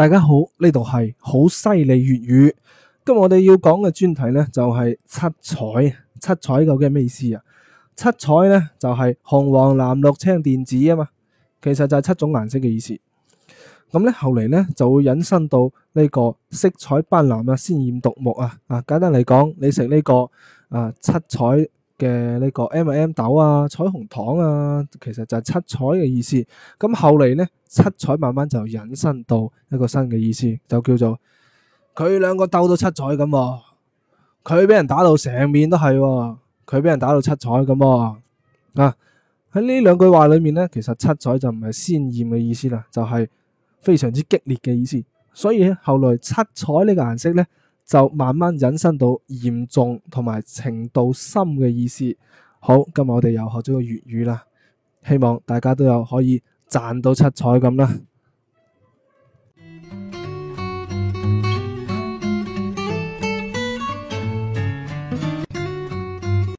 大家好，呢度係猴塞雷粵語。今日我哋要講嘅專題呢，就係七彩。七彩究竟係咩意思啊？七彩呢，就係紅黃藍綠青電子啊嘛，其實就係七種顏色嘅意思。咁呢，後嚟呢，就會引申到呢個色彩斑斕啊，鮮豔奪目啊。啊，簡單嚟講，你食呢、呢個啊七彩。嘅呢個 M、MM、M 豆啊，彩虹糖啊，其實就係七彩嘅意思。咁後嚟呢，七彩慢慢就引申到一個新嘅意思，就叫做佢兩個鬥到七彩咁喎。佢俾人打到成面都係喎，佢俾人打到七彩咁喎。啊，喺呢兩句話裏面呢，其實七彩就唔係鮮豔嘅意思啦，就係、是、非常之激烈嘅意思。所以後來七彩呢個顏色呢。就慢慢引申到嚴重同埋程度深嘅意思。好，今日我哋又學咗個粵語啦，希望大家都有可以賺到七彩咁啦。